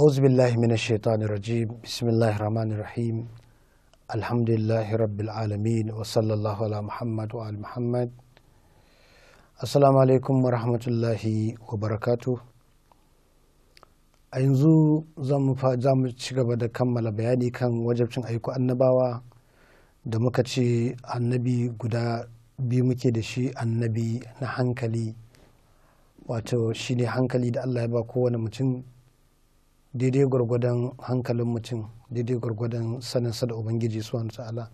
أعوذ بالله من الشيطان الرجيم بسم الله الرحمن الرحيم الحمد لله رب العالمين وصلى الله على محمد وعلى محمد السلام عليكم wa rahmatullahi wa barakatu. A yanzu za mu ci gaba da kammala bayani kan wajabcin aiko annabawa da muka ce annabi guda biyu muke da shi annabi na hankali wato shine hankali da Allah ya ba kowane mutum daidai gwargwadon hankalin mutum daidai gwargwadon sanin sa da ubangiji subhanahu ta'ala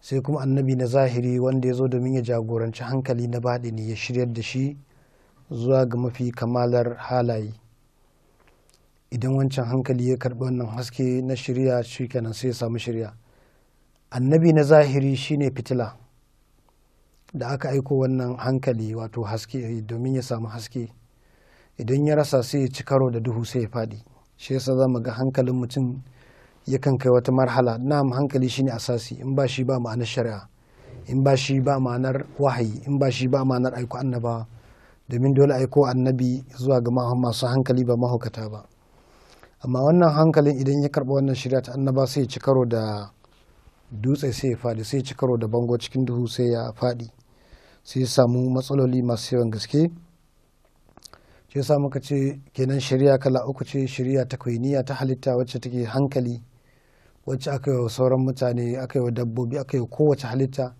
sai kuma annabi na zahiri wanda ya zo domin ya jagoranci hankali na baɗi ne ya shiryar da shi zuwa ga mafi kamalar halaye idan wancan hankali ya karɓi wannan haske na shirya shi kenan sai ya samu shirya annabi na zahiri shine fitila da aka aiko wannan hankali wato haske domin ya samu haske idan ya rasa sai ya ci karo da duhu sai ya faɗi shi yasa za mu ga hankalin mutum ya kan kai wata marhala na'am hankali shine asasi in ba shi ba ma'anar shari'a in ba shi ba ma'anar wahayi in ba shi ba ma'anar aiko annaba domin dole aiko annabi zuwa ga masu hankali ba mahaukata ba amma wannan hankalin idan ya karba wannan shirya ta annaba sai ya ci karo da dutse sai ya faɗi sai ya ci karo da bango cikin duhu sai ya faɗi sai ya samu matsaloli masu yawan gaske shi yasa muka ce kenan shari'a kala uku ce shari'a ta kwainiya ta halitta wacce take hankali wacce aka yi wa sauran mutane aka yi wa dabbobi aka yi kowace halitta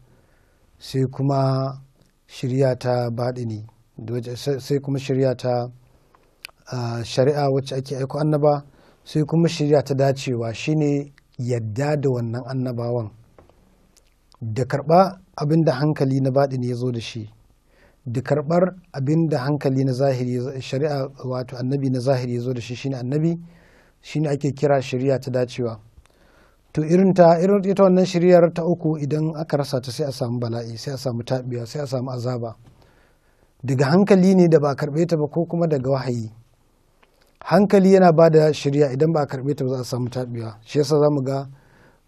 sai kuma shari'a ta baɗini sai kuma shari'a ta shari'a wacce ake aiko annaba sai kuma shari'a ta dacewa shine yadda da wannan annabawan da karɓa abinda hankali na baɗini ya zo da shi da karɓar abin da hankali na zahiri shari'a wato annabi na zahiri ya zo da shi shine annabi shine ake kira shari'a ta dacewa to irin ta irin ita wannan shari'ar ta uku idan aka rasa ta sai a samu bala'i sai a samu tabiya sai a samu azaba daga hankali ne da ba a karbe ta ba ko kuma daga wahayi hankali yana ba da shari'a idan ba a karbe ta ba za a samu tabiya shi yasa za mu ga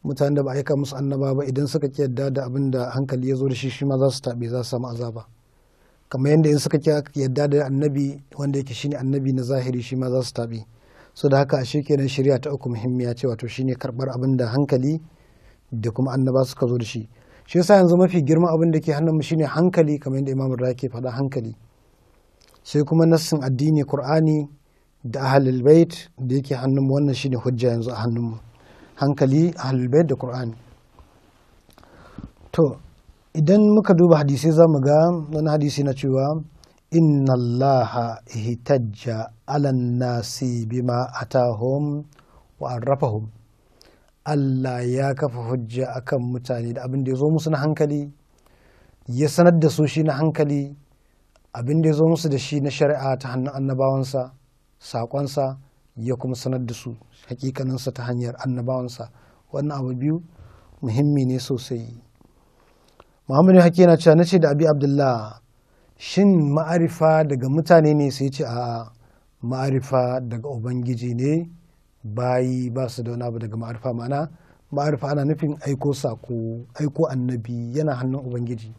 mutanen da ba aika musu annaba ba idan suka ƙi yadda da abin da hankali ya zo da shi shi ma za su taɓe za su samu azaba kamar yadda in suka yadda da annabi wanda yake shine annabi na zahiri shi ma za su tabi so da haka ashe kenan shari'a ta uku muhimmiya ce wato shine karbar abin da hankali da kuma annaba suka zo da shi shi yasa yanzu mafi girman abin da ke hannunmu shine hankali kamar yadda imamu da ke faɗa hankali sai kuma nassin addini qur'ani da ahlul bait da yake hannunmu wannan shine hujja yanzu a hannunmu hankali ahlul bait da qur'ani to idan muka duba hadisai za mu ga wani hadisi na cewa inna allaha hitajja alan nasi bima atahum wa arrafahum Allah ya kafa hujja akan mutane da abin da ya zo musu na hankali ya sanar da su shi na hankali abin da ya zo musu da shi na shari'a ta hannun annabawansa saƙonsa ya kuma sanar da su hakikaninsa ta hanyar annabawansa wannan abu biyu muhimmi ne sosai muhammadu haƙi yana cewa na ce da abi abdullah shin ma'arifa daga mutane ne sai ce a ma'arifa daga ubangiji ne bayi ba su da wani abu daga ma'arifa ma'ana ma'arifa ana nufin aiko sako aiko annabi yana hannun ubangiji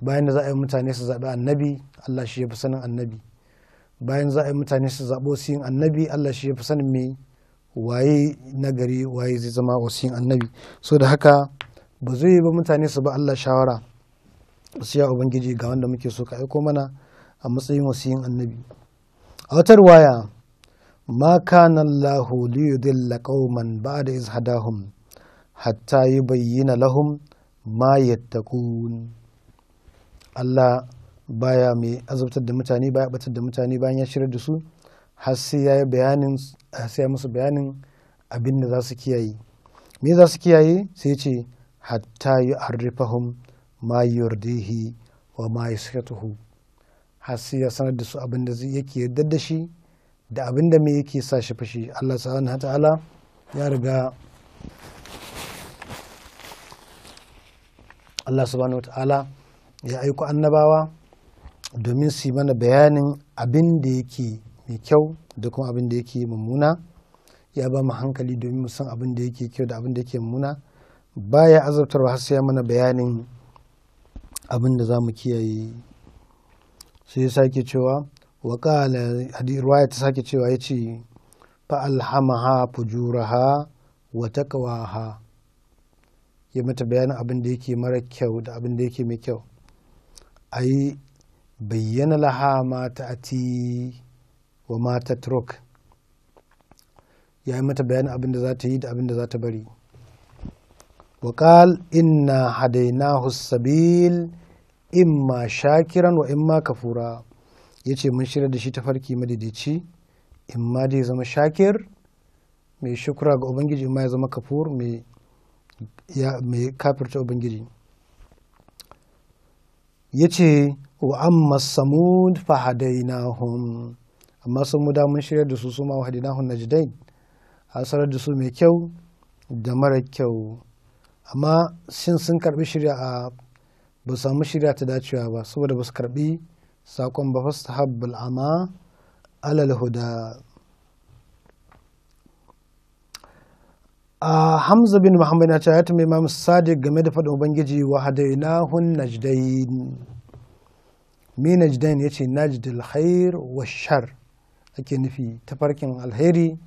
bayan da za a yi mutane su zaɓi annabi allah shi ya fi sanin annabi bayan za a yi mutane su zaɓi wasiyin annabi allah shi ya fi sanin me waye nagari waye zai zama wasiyin annabi so da haka ba zai yi ba mutane su ba Allah shawara su ya ubangiji ga wanda muke so ka aiko mana a matsayin wasiyin annabi a wata ruwaya ma kana Allah li yudilla qauman ba'da iz hadahum hatta yubayyana lahum ma yattaqun Allah baya mai azabtar da mutane baya batar da mutane bayan ya shirar da su har sai ya yi bayanin sai ya bayanin abin da za su kiyaye me za su kiyaye sai ce hatta arrifahun ma yurdihi wa ma yaskhatuhu har sai ya sanar da su abin da yake yarda da shi da abin da mai yake sa shi fashi Allah subhanahu ta'ala ya riga Allah subhanahu ta'ala ya aiko annabawa domin su yi mana bayanin abin da yake mai kyau da kuma abin da yake mummuna ya ba mu hankali domin mu san abin da yake kyau da abin da yake mummuna baya azabtarwa har sai mana bayanin abin da za mu kiyaye sai ya sake cewa wa qala riwaya ta sake cewa yace fa alhamaha fujuraha wa taqwaha ya mata bayanin abin da yake mara kyau da abin da yake mai kyau a yi bayyana laha ma ati wa ma tatruk ya yi mata bayanin abin da za ta yi da abin da za ta bari وقال إنا هديناه السبيل إما شاكرا وإما kafura yace mun shirya da shi ta farki madidici imma dai zama shakir mai shukura ga ubangiji imma ya zama kafur mai kafirta ubangiji ya ce wa amma samud fahadainahum amma samuda mun shirya da su su ma wahadainahum najdain a sarar da su mai kyau da mara kyau amma shin sun karbi shirya a ba samu shirya ta dacewa ba saboda ba su karbi sakon ba habbal amma alal huda a hamza bin muhammad na cewa ya tambayi imam sadiq game da faɗin ubangiji wa hadainahun najdain mi najdain yace najdil alkhair wa shar ake nufi tafarkin alheri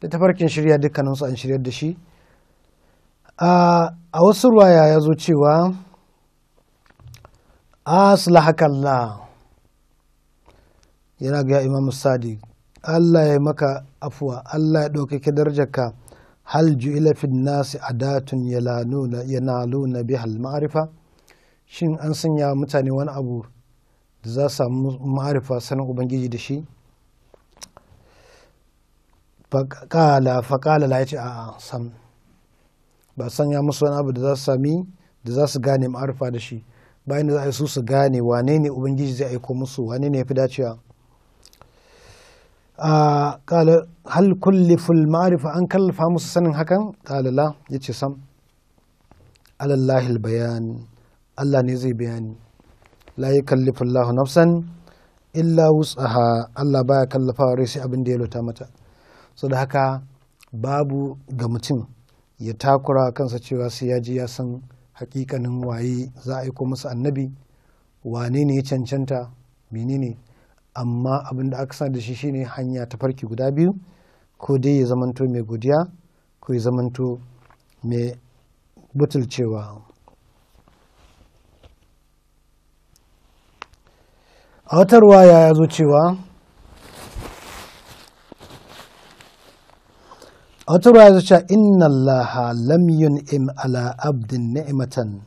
da tafarkin shirya dukkaninsu an shiryar da shi a wasu ruwaya ya zo cewa aslahakallah yana ga imam sadi Allah ya maka afuwa Allah ya ɗaukaki darajarka hal ju'ila fin nasi adatun yalanuna bi hal ma'arifa shin an sanya mutane wani abu da za samu ma'arifa sanin ubangiji da shi faƙala faƙala la yace a sam ba sanya musu wani abu da za su sami da za su gane maarufa da shi bayan da za a yi su su gane wane ne ubangiji zai aiko musu wane ne ya fi dacewa kala hal ful ma'arufa an kallafa musu sanin hakan kalala ya ce sam alallahil bayan allah ne zai bayani la yi kallifullahu nafsan illa wutsaha allah baya kallafa rai sai abin da ya lota mata so da haka babu ga mutum ya takura kansa cewa sai ya ji ya san hakikanin waye za a aiko masa annabi wane ne ya cancanta menene amma abin da aka sanar da shi shine hanya ta farki guda biyu ko dai ya zamanto mai godiya ko ya zamanto mai butulcewa a wata ruwaya ya zo cewa wata ruwa ya ce inna allaha lam im ala abdin ni'matan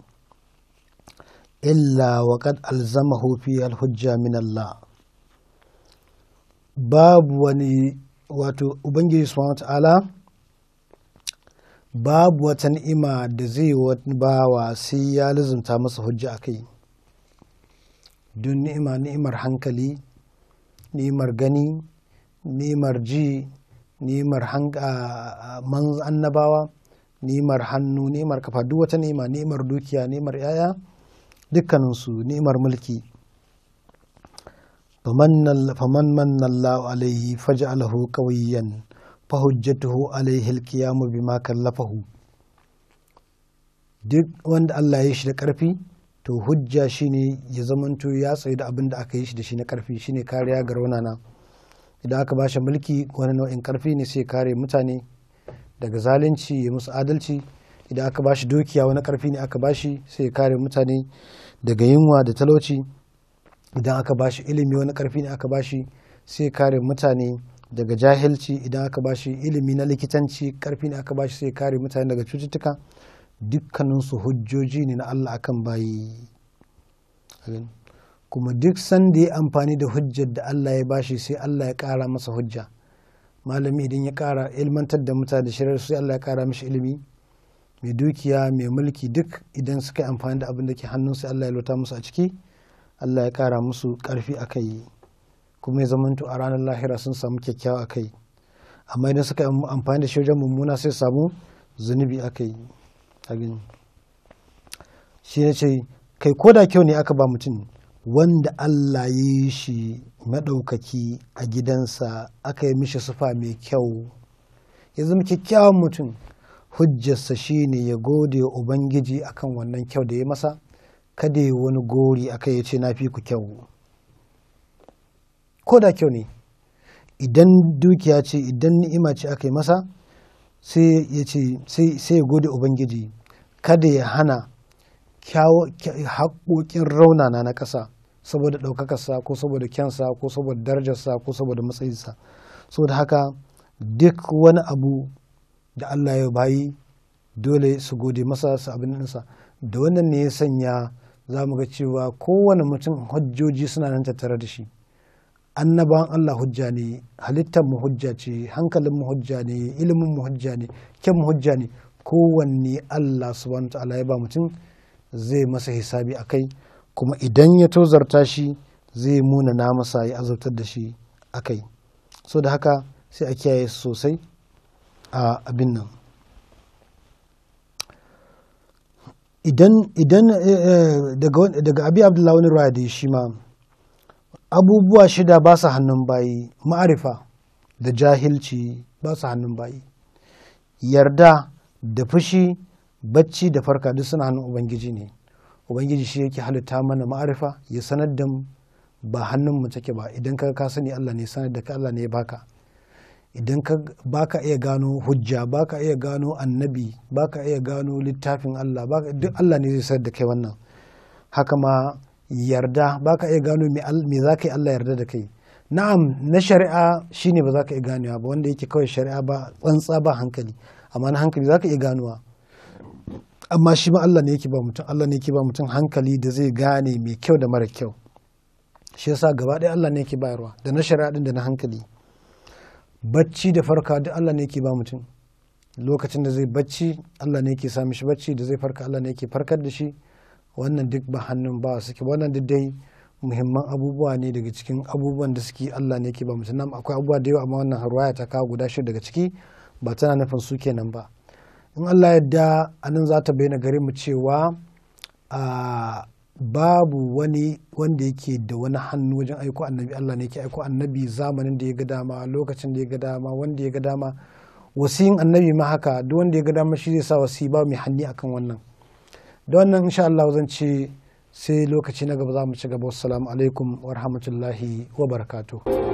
illa wa qad alzamahu fi alhujja min Allah babu wani wato ubangiji subhanahu ta'ala babu wata ni'ima da zai bawa sai ya lizumta masa hujja a kai don ni'ima ni'imar hankali ni'imar gani ni'imar ji ni'imar man annabawa ni'imar hannu ni'imar kafa duk wata ni'ima ni'imar dukiya ni'imar yaya dukkaninsu ni'imar mulki faman alaihi hujjatuhu alaihi alqiyamu bima kallafahu duk wanda Allah ya shi da karfi to hujja shine ya zamanto ya tsaye da abin da aka yi shi da shi na karfi shine kariya ga raunana idan aka bashi mulki wani nau'in karfi ne sai kare mutane daga zalunci ya musu adalci idan aka bashi dukiya wani karfi ne aka bashi sai kare mutane daga yunwa da talauci idan aka bashi ilimi wani karfi ne aka bashi sai kare mutane daga jahilci idan aka bashi ilimi na likitanci karfi ne aka bashi sai kare mutane daga cututtuka dukkaninsu hujjoji ne na Allah akan bayi. kuma duk sanda ya amfani da hujjar da Allah ya bashi sai Allah ya kara masa hujja malami idan ya kara ilmantar da mutane da shirar sai Allah ya kara mishi ilimi mai dukiya mai mulki duk idan suka yi amfani da abin da ke hannun sai Allah ya lota musu a ciki Allah ya kara musu karfi a kai kuma ya zamanto a ranar lahira sun samu kyakkyawa a kai amma idan suka yi amfani da shirar mummuna sai samu zunubi a kai shi ne ce kai ko da kyau ne aka ba mutum wanda Allah ya yi shi maɗaukaki a gidansa aka yi mishi sufa mai kyau ya zama kyakkyawan mutum hujjarsa shi ne ya gode wa ubangiji akan wannan kyau da ya masa kada ya wani gori aka ya ce na fi ku kyau ko da kyau ne idan dukiya ce idan ni'ima ce aka yi masa sai ya gode ubangiji kada ya hana haƙoƙin raunana na ƙasa saboda ɗaukakarsa ko saboda kyansa ko saboda darajarsa ko saboda matsayinsa saboda haka duk wani abu da Allah ya bayi dole su gode masa su abin nasa da wannan ne ya sanya za mu ga cewa kowane mutum hujjoji suna nan tattare da shi annaban Allah hujja ne halittar mu hujja ce hankalin mu hujja ne ilimin mu hujja ne kyan mu hujja ne kowanne Allah subhanahu wa ta'ala ya ba mutum zai masa hisabi a kai kuma idan ya tozarta shi zai na masa ya azabtar da shi a kai so da haka sai a kiyaye sosai a abin nan idan idan eh, eh, daga abi abdullahi wani ruwa da shi ma abubuwa shida ba su hannun bayi ma'arifa da jahilci ba su hannun bayi yarda da fushi bacci da farka duk suna hannun ubangiji ne ubangiji shi yake halitta mana ma'arifa ya sanar da ba hannun mu take ba idan ka ka sani Allah ne sanar da ka Allah ne baka idan ka baka iya gano hujja baka iya gano annabi baka iya gano littafin Allah baka duk Allah ne zai sanar da kai wannan haka ma yarda baka iya gano me za ka yi Allah yarda da kai na'am na shari'a shine ba za ka iya ganewa ba wanda yake kawai shari'a ba tsantsa ba hankali amma na hankali za ka iya ganuwa amma shi ma Allah ne yake ba mutum Allah ne yake ba mutum hankali da zai gane mai kyau da mara kyau shi yasa gaba ɗaya Allah ne yake bayarwa da na shari'a da na hankali bacci da farka duk Allah ne yake ba mutum lokacin da zai bacci Allah ne yake sa mishi bacci da zai farka Allah ne yake farkar da shi wannan duk ba hannun ba suke wannan duk dai muhimman abubuwa ne daga cikin abubuwan da suke Allah ne yake ba mutum akwai abubuwa da yawa amma wannan harwaya ta kawo guda shi daga ciki ba tana nufin su kenan ba in allah yadda anan za ta bayyana gare mu cewa babu wani wanda yake da wani hannu wajen aiko annabi allah ne yake aiko annabi zamanin da ya ga dama lokacin da ya ga dama wanda ya ga dama wasiyin annabi ma haka duk wanda ya ga dama shi zai sa wasi ba mai hanni akan wannan da wannan insha allah zan ce sai lokaci na gaba za mu ci gaba wassalamu alaikum wa rahmatullahi wa barakatuh